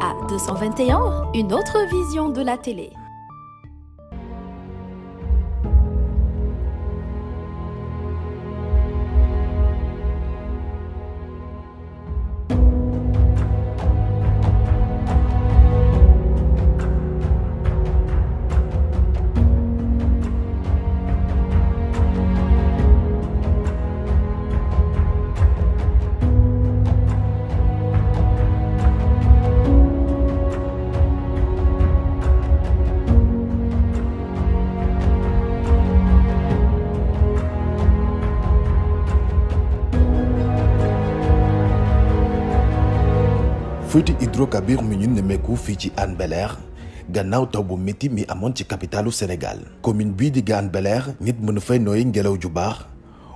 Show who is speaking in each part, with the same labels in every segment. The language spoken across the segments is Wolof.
Speaker 1: À 221, une autre vision de la télé.
Speaker 2: fuiti hydrocarbure mi ñu nemmeeku fii ci Hann bel taw bu métti mi amoon ci capitalu Sénégal commune bii di Hann Bel-Air nit mënu fay nooy ngelaw ju baax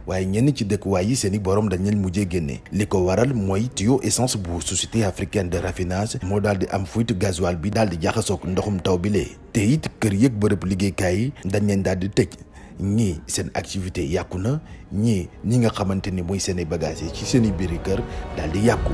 Speaker 2: waaye ñenn ci dëkkuwaay yi seeni borom dañ leen mujjee génne li ko waral mooy tuyau essence bu société africaine de rafinage moo daal di am fuite gasoil bi daal di jaxasoog ndoxum taw bi lee te it kër yëg bërëb liggéeykaay yi dañ leen daal di tëj ñii seen activité yàqu na ñii ñi nga xamante ni mooy seeni bagages yi ci seeni biiri kër daal di yàqu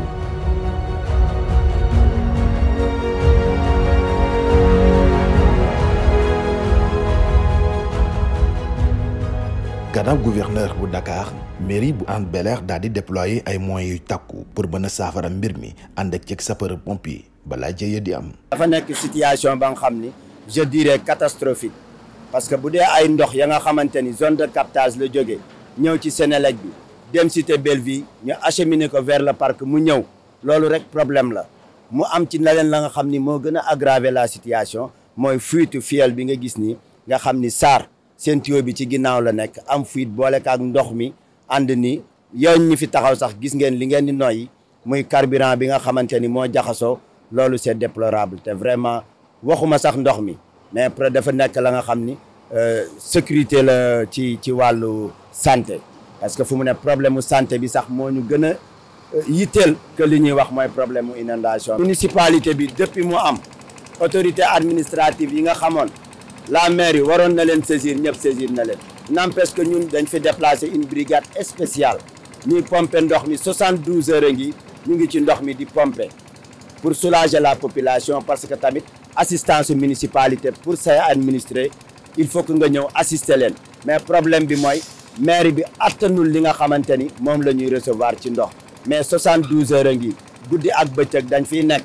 Speaker 2: gannaaw gouverneur bu Dakar mairie bu Hann Bel-Air daal di déployer ay pour mën a saafara mbir mi ànd ak ceeg sapeur pompier balaa jëye di am. dafa nekk situation ba nga je dirais catastrophique parce que bu dee ay ndox ya nga xamante ni zone de captage le jógee ñëw ci Sénélec bi dem cité Bellevue ñu acheminer ko vers le parc mu ñëw le rek problème la mu am ci leneen la nga xam a aggraver la situation mooy fuite fiel bi nga gis ni nga xam SAR. seen tuyau bi ci ginnaw la nek am fuite bolé kak ndokh mi and ni yéen ñi fi taxaw sax gis ngeen li ngeen di noy muy carburant bi nga xamanteni mo jaxaso lolu c'est déplorable te vraiment waxuma sax ndokh mi mais peut dafa nek la nga xamni euh sécurité la ci ci walu santé parce que fu mu ne problème santé bi sax mo ñu gëna euh, yitel que li ñi wax moy problème inondation municipalité bi depuis mo am autorité administrative yi nga xamone la mairie waroon na len saisir ñep saisir na len n'empêche que ñun dañ fi déplacer une brigade spéciale Nous pomper ndox mi 72 heures Nous ngi ñu ngi ci ndox mi di pomper pour soulager la population parce que tamit assistance municipalité pour say administrer il faut que nga ñeu assister len mais problème bi moy mairie bi attanul li nga xamanteni mom lañuy recevoir ci ndox mais 72 heures ngi guddi ak bëccëg dañ fi nek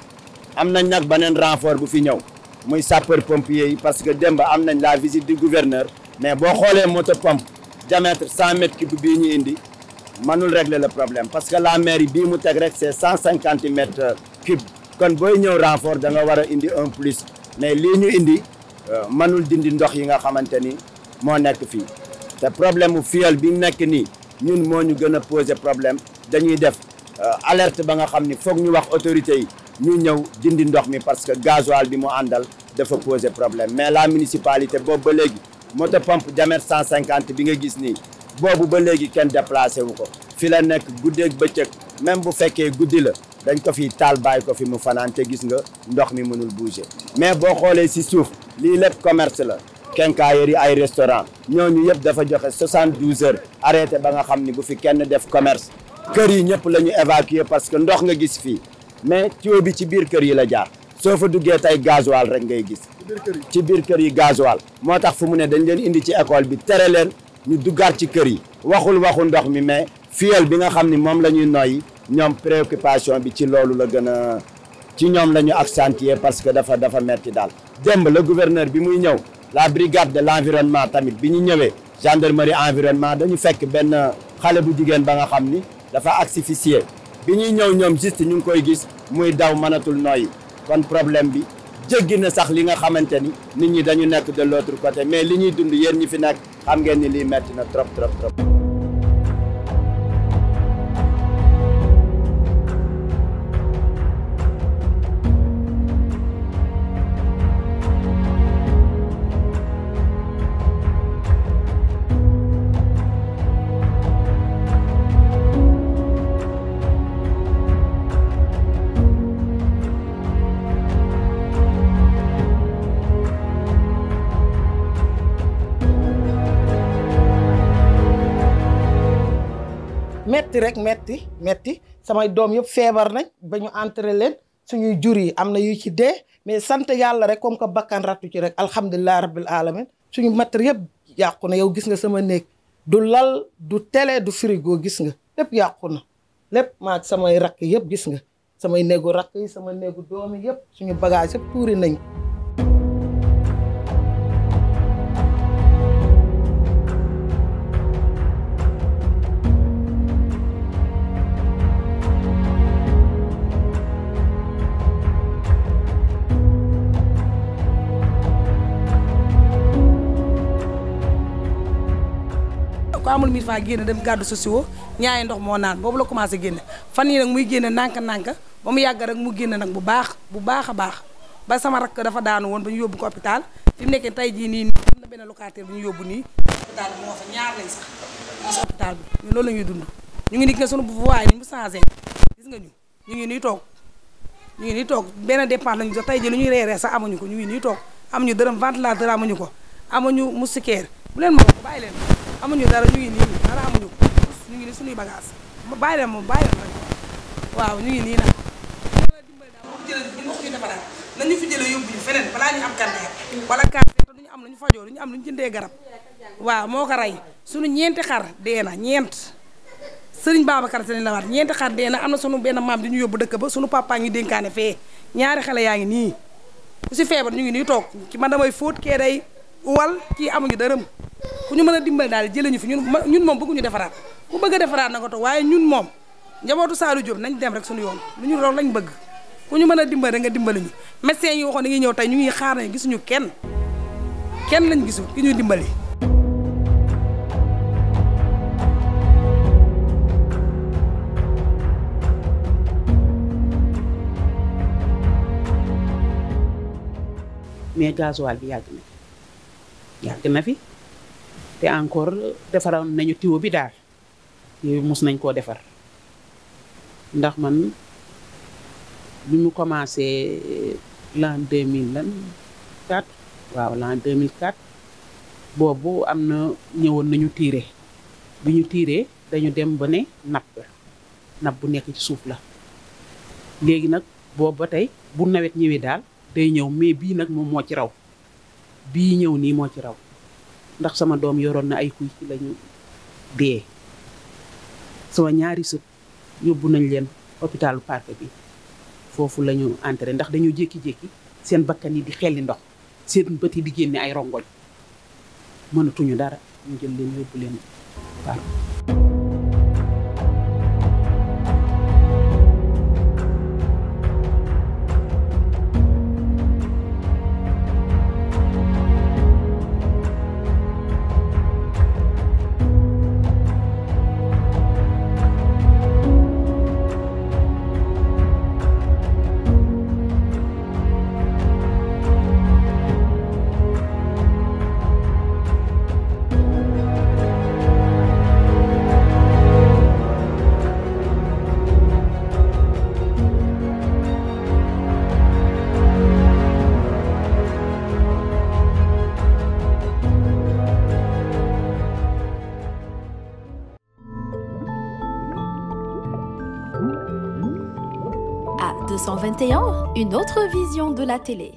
Speaker 2: am nañ benen renfort bu fi ñeu muy sapeur pompier yi parce que démb am nañ la visite di gouverneur mais boo xoolee moto pompe diamètre cent mètres bii ñu indi mënul régler le problème parce que la mairie bii mu teg rek c' est cent cinquante mètres cube kon booy ñëw renfort da nga war a indi en plus mais lii ñu indi euh, manul dindi ndox yi nga xamante ni moo nekk fii te problème mu fiyal bi nekk nii ñun moo ñu gën a poser problème dañuy def euh, alerte ba nga xam ni foog ñu wax autorité yi ñu ñëw dindi ndox mi parce que gasoil bi mu àndal dafa poser problème mais la municipalité boobu ba léegi moto pompe diamètre cent cinquante bi nga gis nii boobu ba léegi kenn déplacé wu ko fi la nekk guddeeg bëccëg même bu fekkee guddi la dañ ko fi taal bàyyi ko fi mu fanaan te gis nga ndox mi mënul bouger mais boo xoolee si suuf lii lépp commerce la kenkaayér yi ay restaurant ñooñu yëpp dafa joxe soixante-douze heures arrêté ba nga xam ni bu fi kenn def commerce kër yi ñëpp la ñu évacuer parce que ndox nga gis fii mais tuyau bi ci biir kër yi la jaar soo fa duggee tey gasoil rek ngay gis ci biir kër yi gasoil moo tax fu mu ne dañ leen indi ci école bi tere leen ñu duggaat ci kër yi waxul waxu ndox mi mais fuel bi nga xam ni moom la ñuy noyyi ñoom préoccupation bi ci loolu la gën a ci ñoom lañu ñu accentuer parce que dafa dafa metti daal démb le gouverneur bi muy ñëw la brigade de l'environnement tamit bi ñu ñëwee gendarmerie environnement dañu fekk benn xale bu jigéen ba nga xam ni dafa asphyxié bi ñuy ñëw ñoom juste ñu ngi koy gis muy daw mënatul nooyi kon problème bi jéggi na sax li nga xamante ni nit ñi dañu nekk de l'autre côté mais li ñuy dund yéen ñi fi nekk xam ngeen ni lii metti na trop trop trop
Speaker 3: metti rek
Speaker 1: metti metti samay doom yëpp feebar nañ ba ñu entré leen suñuy jur yi am na yu ci dee mais sant yàlla rek comme que bakkan rattu ci rek alhamdulilah rabbil alamin suñu matériel yëpp yàqu na yow gis nga sama néeg du lal du télé du frigo gis nga lépp yàqu na lépp maag samay rakk yëpp gis nga samay néegu rakk yi sama néegu doom yi yëpp suñu bagage yëpp tuuri nañ ku amul 1000 francs génne dem gàddu sociaux ñaari ndox moo naan boobu la commencé génn fan yi nag muy génn nànk-nànk ba mu yàgg rek mu génn nag bu baax bu baax a baax ba sama rakk dafa daanu woon ba ñu yóbbu ko hôpital fi mu nekkee tey jii nii am na benn locataire bu ñu yóbbu nii hôpital bi loolu la ñuy dund ñu ngi ni nga sunu voie ni mu gis nga ñu ñu ngi nii toog ñu ngi nii toog benn dépense lañu jox tey jii lu ñuy reeree sax amuñu ko ñu ngi nii toog amuñu dërëm ventilateur amuñu ko amuñu moustiquaire bu leen ma ko bàyyi leen amuñu dara ñu ngi ni dara amuñu ko ñu ngi ni suñu bagage mu bàyyi leen moom bàyyi leen waaw ñu ngi ni nag. nañ fi jëlee yóbbu ñu feneen ñu am kàndeer wala kàndeer duñu am lu ñu fajoo am lu ñu garab waaw moo ko suñu ñeenti xar dee na ñeent xar na na di dëkk ba sunu papa ngi dénkaane fee ñaari xale yaa ngi nii ku ñu ngi ci man damay day wal amuñu ku ñu mën a dimbali daal jëlee ñu fi ñun ñun moom bëgguñu defaraat ku bëgg a defaraat na ko toog waaye ñun moom njabootu Saliou Diop nañ dem rek suñu yoon lu ñu loolu lañ bëgg ku ñu mën a dimbali rek nga dimbali ñu médecin yi waxoon dañuy ñëw tey ñu ngi xaar nañu gisuñu kenn kenn lañ gisul ki
Speaker 3: ñuy yàgg na fi te encore defaroon nañu tiwo bi daal yooyu mos nañ koo defar ndax man bi mu commencé euh, l'an deux mille lan quatre waaw l'an deux mille quatre boobu am na ñëwoon nañu tiire bi ñu tiiree dañu dem ba ne napp napp bu nekk ci suuf la léegi nag boobu ba tey bu nawet ñëwi daal day ñëw mais bii nag moom moo ci raw bii ñëw nii moo ci raw ndax sama doom yoroon na ay kuy ci la ñu sama ñaari sët yóbbu nañ leen hôpitalu Parc bi foofu lañu ñu ndax dañoo jékki-jékki seen bakkan yi di xelli ndox seen bët yi di génne ay rongoñ mënatuñu dara ñu jël leen yóbbu leen Parc
Speaker 1: 21, une autre vision de la télé.